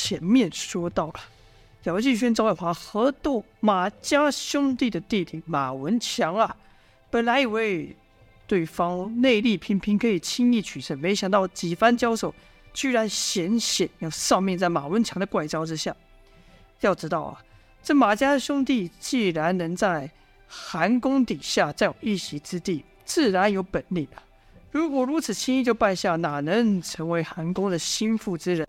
前面說到了，姚繼軒、趙愛華、何鬥、馬家兄弟的弟弟馬文強啊，本來以為對方內力平平，可以輕易取勝，沒想到幾番交手，居然險險要喪命在馬文強的怪招之下。要知道啊，這馬家兄弟既然能在韓宮底下佔有一席之地，自然有本領的啊。如果如此輕易就敗下，哪能成為韓宮的心腹之人？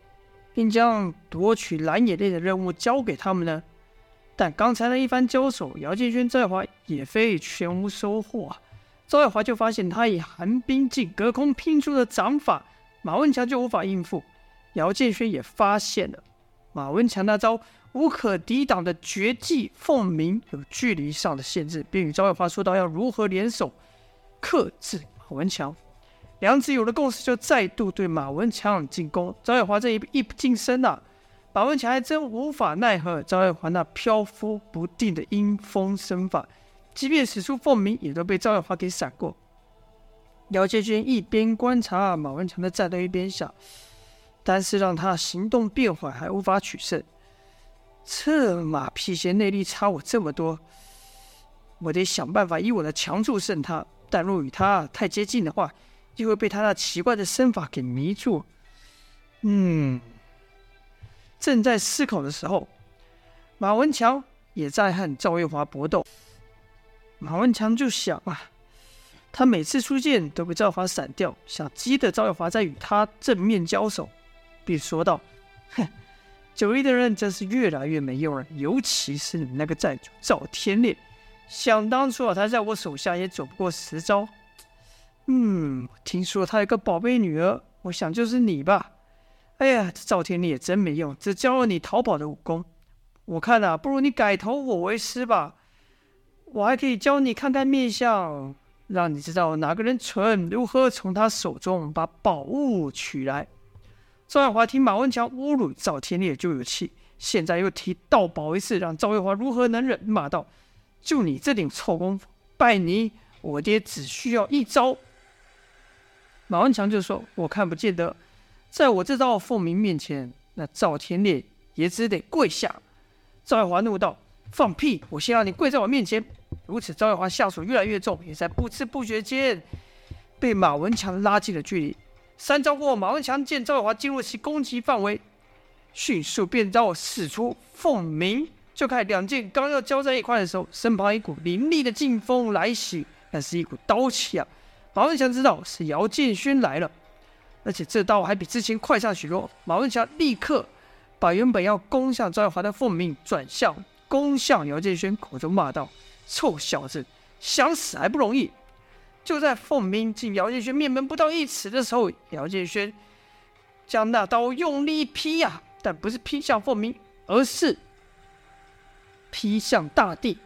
並將奪取藍野獵的任務交給他們呢？但剛才的一番交手，姚建勳、趙愛華也非全無收穫啊。趙愛華就發現，他以寒冰勁隔空拼出的掌法，馬文強就無法應付。姚建軒也發現了馬文強那招無可抵擋的絕技“鳳鳴”有距離上的限制，並與趙愛華說道：“要如何聯手克制馬文強？”樑子有了共識，就再度對馬文強進攻。張遠華這一一不近身吶、啊，馬文強還真無法奈何張遠華那飄忽不定的陰風身法，即便使出鳳鳴，也都被張遠華給閃過。姚傑軍一邊觀察、啊、馬文強的戰鬥，一邊想：但是讓他行動變緩還無法取勝。這馬屁精內力差我這麼多，我得想辦法以我的強處勝他。但若與他太接近的話，就會被他那奇怪的身法給迷住。嗯，正在思考的時候，馬文強也在和趙月華搏鬥。馬文強就想啊，他每次出劍都被趙華閃掉，想激得趙月華再與他正面交手，並說道：“哼，九一的人真是越來越沒用了，尤其是你那個債主趙天烈。想當初啊，他在我手下也走不過十招。”嗯，聽說他有一個寶貝女兒，我想就是你吧。哎呀，這趙天烈也真沒用，只教了你逃跑的武功。我看吶、啊，不如你改投我為師吧，我還可以教你看看面相，讓你知道哪個人蠢，如何從他手中把寶物取來。趙愛華聽馬文強侮辱趙天烈就有氣，現在又提盜寶一事，讓趙愛華如何能忍？罵道：“就你這點臭功夫，拜你，我爹只需要一招。”馬文強就說：“我看不見得，在我這招鳳鳴面前，那趙天烈也只得跪下。”趙耀華怒道：“放屁！我先讓你跪在我面前！”如此，趙耀華下手越來越重，也在不知不覺間被馬文強拉近了距離。三招過後，馬文強見趙耀華進入其攻擊範圍，迅速便讓使出鳳鳴。就看兩劍剛要交在一塊的時候，身旁一股凌厲的勁風來襲，那是一股刀氣啊！馬文祥知道是姚建勳來了，而且這刀還比之前快上許多。馬文祥立刻把原本要攻向莊華的鳳鳴轉向攻向姚建勳，口中罵道：“臭小子，想死還不容易！”就在鳳鳴進姚建勳面門不到一尺的時候，姚建勳將那刀用力一劈呀、啊，但不是劈向鳳鳴，而是劈向大地。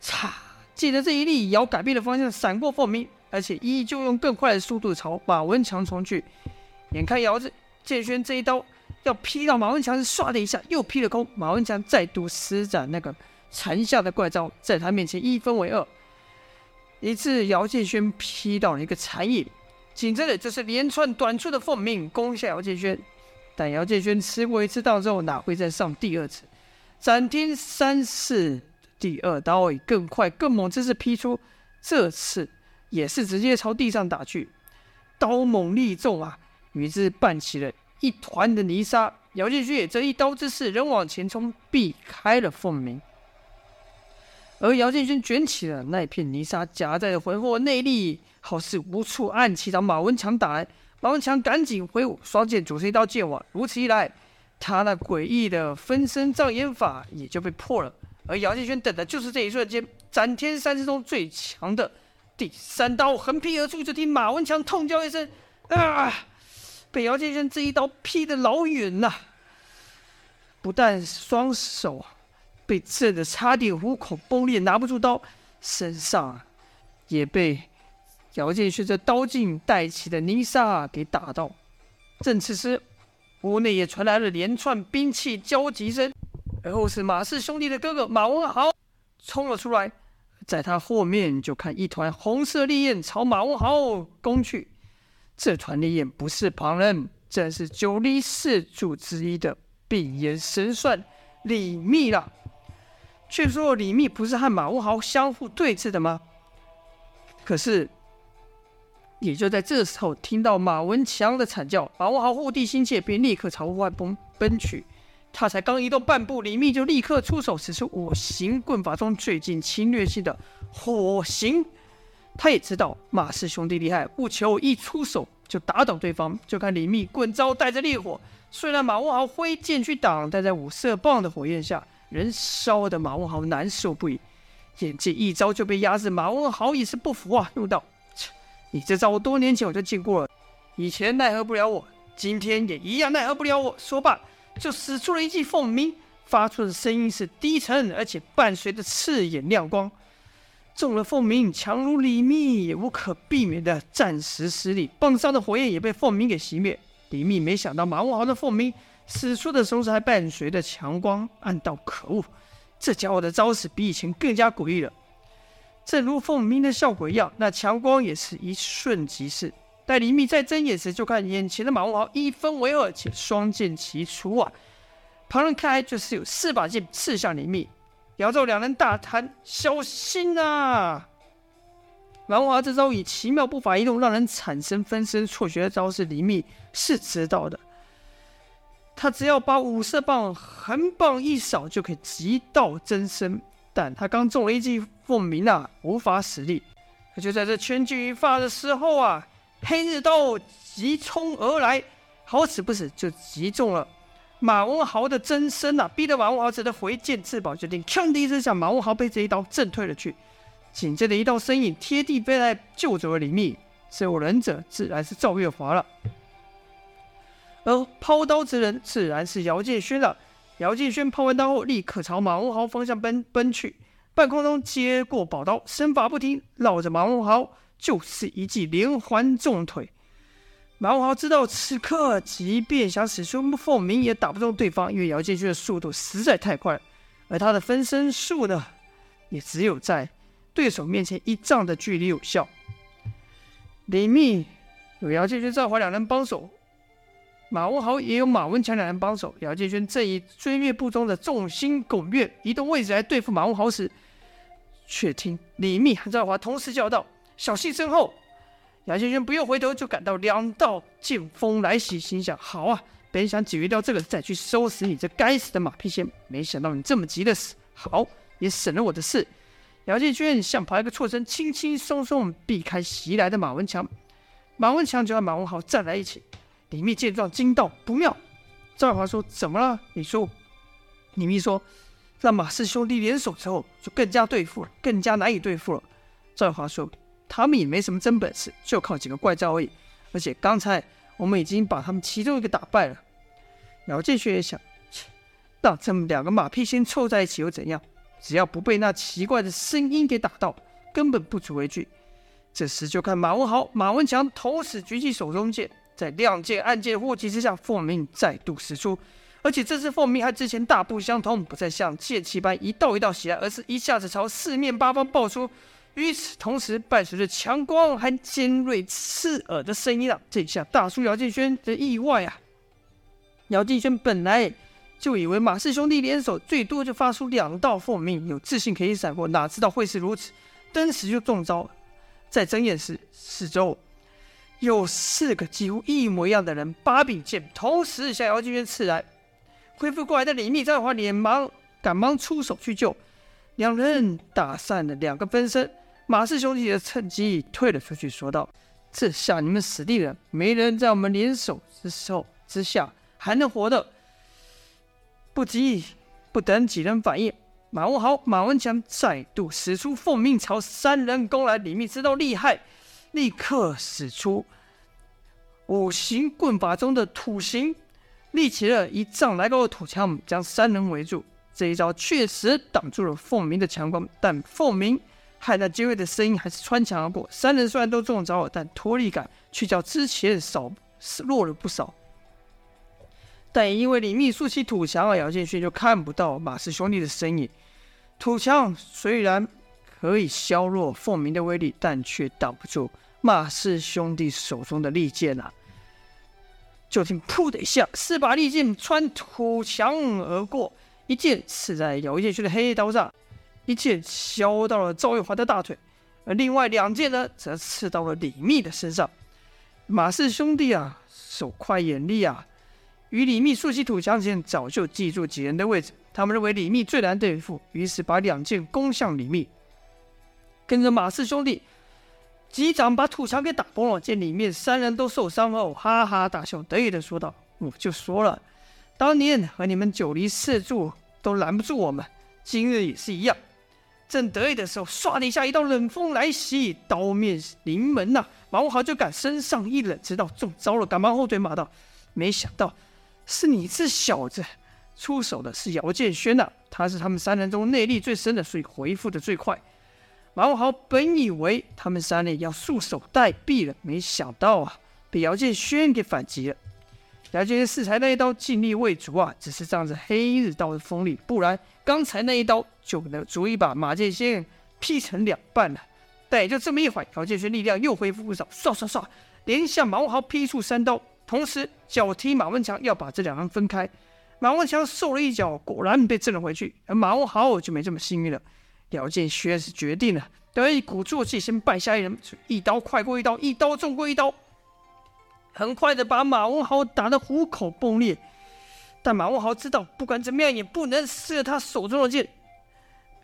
擦！借着這一力，姚改變的方向過，閃過鳳鳴。而且依舊用更快的速度朝馬文強衝去，眼看姚志建軒這一刀要劈到馬文強，是唰的一下又劈了空。馬文強再度施展那個殘像的怪招，在他面前一分為二。一次姚建軒劈到了一個殘影，緊接着就是連串短促的鳳鳴攻下姚建軒。但姚建軒吃過一次刀之後，哪會再上第二次？斬天三式，第二刀以更快、更猛之勢劈出，這次。也是直接朝地上打去，刀猛力重啊，於是拌起了一團的泥沙。姚建勳也這一刀之勢仍往前衝，避開了鳳鳴。而姚建軍捲起了那一片泥沙，夾帶着渾厚內力，好似無處暗器朝馬文強打來。馬文強趕緊揮舞雙劍，組成一道劍網。如此一來，他那詭異的分身障眼法也就被破了。而姚建軍等的就是這一瞬間，斬天三之中最強的。第三刀橫劈而出，就聽馬文強痛叫一聲：“啊！”被姚建軒這一刀劈得老遠吶，啊！不但雙手被震得差點虎口崩裂，拿不住刀，身上也被姚建軒這刀勁帶起的泥沙給打到。正此時，屋內也傳來了連串兵器交擊聲，而後是馬氏兄弟的哥哥馬文豪衝了出來。在他後面，就看一團紅色烈焰朝馬文豪攻去。這團烈焰不是旁人，正是九黎四主之一的閉眼神算李密啦。卻說李密不是和馬文豪相互對峙的嗎？可是，也就在這時候，聽到馬文強的慘叫，馬文豪護弟心切，便立刻朝外奔奔去。他才剛移動半步，李密就立刻出手，使出五行棍法中最具侵略性的火行。他也知道馬氏兄弟厲害，不求一出手就打倒對方，就看李密棍招帶着烈火。雖然馬文豪揮劍去擋，但在五色棒的火焰下，仍燒得馬文豪難受不已。眼見一招就被壓制，馬文豪也是不服啊，怒道：“切，你這招我多年前我就見過了，以前奈何不了我，今天也一樣奈何不了我。說吧”說罷。就使出了一記鳳鳴，發出的聲音是低沉，而且伴隨着刺眼亮光。中了鳳鳴，強如李密也無可避免的暫時失利，棒上的火焰也被鳳鳴給熄滅。李密沒想到馬文豪的鳳鳴使出的同時還伴隨着強光，暗道可惡，這家伙的招式比以前更加詭異了。正如鳳鳴的效果一樣，那強光也是一瞬即逝。在林密再睜眼時，就看眼前的馬文豪一分為二，且雙劍齊出啊！旁人看來就是有四把劍刺向林密。然後兩人大喊：“小心啊！”馬文豪這招以奇妙步伐移動，讓人產生分身錯覺的招式，林密是知道的。他只要把五色棒橫棒一掃，就可以擊到真身。但他剛中了一記鳳鳴啊，無法使力。可就在這千鈞一髮的時候啊！黑日刀急衝而來，好死不死就擊中了馬文豪的真身吶、啊，逼得馬文豪只得回劍自保，決定“鏘”的一聲響，馬文豪被這一刀震退了去。緊接着一道身影貼地飛來，救走了李密，這位忍者自然是趙月華了，而拋刀之人自然是姚建勳了。姚建勳拋完刀後，立刻朝馬文豪方向奔奔去，半空中接過寶刀，身法不停繞着馬文豪。就是一記連環重腿。馬文豪知道此刻，即便想使出鳳鳴，也打不中對方，因為姚建軍的速度實在太快，而他的分身術呢，也只有在對手面前一丈的距離有效。李密有姚建軍、趙華兩人幫手，馬文豪也有馬文強兩人幫手。姚建軍正以追月步中的眾星拱月移動位置來對付馬文豪時，卻聽李密和趙華同時叫道。小心身後，姚建勳不用回頭就感到兩道劍鋒來襲，心想：好啊，本想解決掉這個，再去收拾你這該死的馬屁仙，沒想到你這麼急的死，好，也省了我的事。姚建軍想爬一個錯身，輕輕鬆鬆避開襲來的馬文強。馬文強就和馬文豪站在一起。李密見狀驚道，不妙！趙華說：怎麼了？李叔？李密說：讓馬氏兄弟聯手之後，就更加對付了，更加難以對付了。趙華說。他們也沒什麼真本事，就靠幾個怪招而已。而且剛才我們已經把他們其中一個打敗了。姚劍軒也想，那這麼兩個馬屁精湊在一起又怎樣？只要不被那奇怪的聲音給打到，根本不足為懼。這時就看馬文豪、馬文強同時舉起手中劍，在亮劍、暗劍、火氣之下，鳳鳴再度使出。而且這次鳳鳴和之前大不相同，不再像劍氣般一道一道襲來，而是一下子朝四面八方爆出。與此同時，伴隨着強光和尖銳刺耳的聲音，啊！這下大出姚勁軒的意外啊！姚勁軒本來就以為馬氏兄弟聯手最多就發出兩道鳳鳴，有自信可以閃過，哪知道會是如此，登時就中招了。在睜眼時，四周有四個幾乎一模一樣的人，八柄劍同時向姚勁軒刺來。恢復過來的李密在、張華臉忙趕忙出手去救，兩人打散了兩個分身。馬氏兄弟也趁機退了出去，說道：“這下你們死定了，沒人在我們聯手之手之下還能活的。”不急，不等幾人反應，馬文豪、馬文強再度使出鳳鳴，朝三人攻來。李密知道厲害，立刻使出五行棍法中的土行，立起了一丈來高的土牆，將三人圍住。這一招確實擋住了鳳鳴的強攻，但鳳鳴。害，那尖銳的聲音還是穿牆而過。三人雖然都中了招耳，但脫力感卻較之前少是弱了不少。但也因為李密豎起土牆，而姚建勳就看不到馬氏兄弟的身影。土牆雖然可以削弱鳳鳴的威力，但卻擋不住馬氏兄弟手中的利劍吶、啊！就聽“噗”的一下，四把利劍穿土牆而過，一劍刺在姚建勳的黑刀上。一劍削到了趙玉華的大腿，而另外兩劍呢，則刺到了李密的身上。馬氏兄弟啊，手快眼利啊，與李密豎起土牆之前，早就記住幾人的位置。他們認為李密最難對付，於是把兩劍攻向李密。跟着馬氏兄弟幾掌把土牆給打崩了。見裡面三人都受傷後，哈哈大笑，得意的說道：“我就說了，當年和你們九黎四柱都攔不住我們，今日也是一樣。”正得意的時候，唰的一下，一道冷風來襲，刀面臨門吶、啊！馬武豪就感身上一冷，知道中招了，趕忙後退，罵道：“沒想到是你這小子！”出手的是姚建軒吶、啊，他是他們三人中內力最深的，所以恢復的最快。馬武豪本以為他們三人要束手待斃了，沒想到啊，被姚建軒給反擊了。姚建軒適才那一刀勁力未足啊，只是仗着黑日刀的鋒利，不然。剛才那一刀就能足以把馬建新劈成兩半了，但也就這麼一會兒，姚建學力量又恢復不少，唰唰唰，連向馬文豪劈出三刀，同時腳踢馬文強，要把這兩人分開。馬文強受了一腳，果然被震了回去，而馬文豪就沒這麼幸運了。姚建學是決定了，得一鼓作氣先敗下一人，一刀快過一刀，一刀重過一刀，很快的把馬文豪打得虎口崩裂。但馬文豪知道，不管怎麼樣也不能失他手中的劍。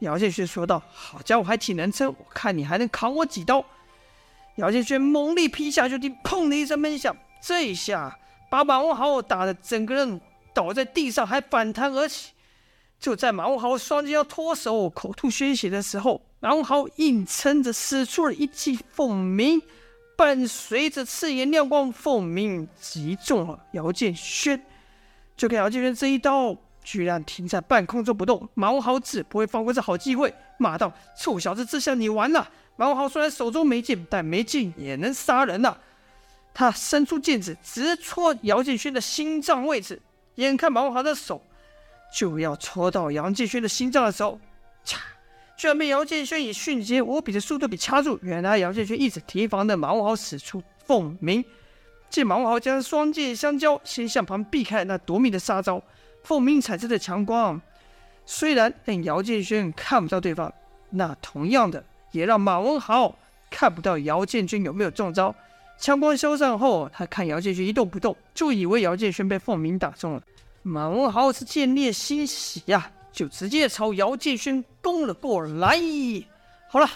姚建軒說道：“好傢伙，還挺能撐！我看你還能扛我幾刀。”姚建軒猛力劈下，就聽“砰”的一聲悶響，這一下把馬文豪打得整個人倒在地上，還反彈而起。就在馬文豪雙劍要脫手，口吐鮮血的時候，馬文豪硬撐着使出了一記鳳鳴，伴隨着刺眼亮光，鳳鳴擊中了姚建軒。就看姚建軒這一刀，居然停在半空中不動。馬文豪自不會放過這好機會，罵道：“臭小子，這下你完了，啊！”馬文豪雖然手中沒劍，但沒劍也能殺人吶，啊。他伸出劍指，直戳姚建軒的心臟位置。眼看馬文豪的手就要戳到姚建軒的心臟的時候，嚓，居然被姚建軒以迅捷無比的速度給掐住。原來姚建軒一直提防着馬文豪使出鳳鳴。見馬文豪將雙劍相交，先向旁避開那奪命的殺招。鳳鳴產生的強光，雖然讓姚建勳看不到對方，那同樣的也讓馬文豪看不到姚建軍有沒有中招。強光消散後，他看姚建軍一動不動，就以為姚建勳被鳳鳴打中了。馬文豪是見獵心喜呀、啊，就直接朝姚建勳攻了過來。好了，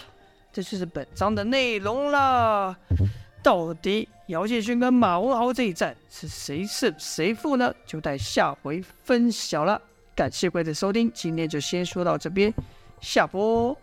這就是本章的內容了，到底。姚建勳跟馬文豪這一戰是誰勝誰負呢？就待下回分曉了。感謝各位的收聽，今天就先說到這邊，下播。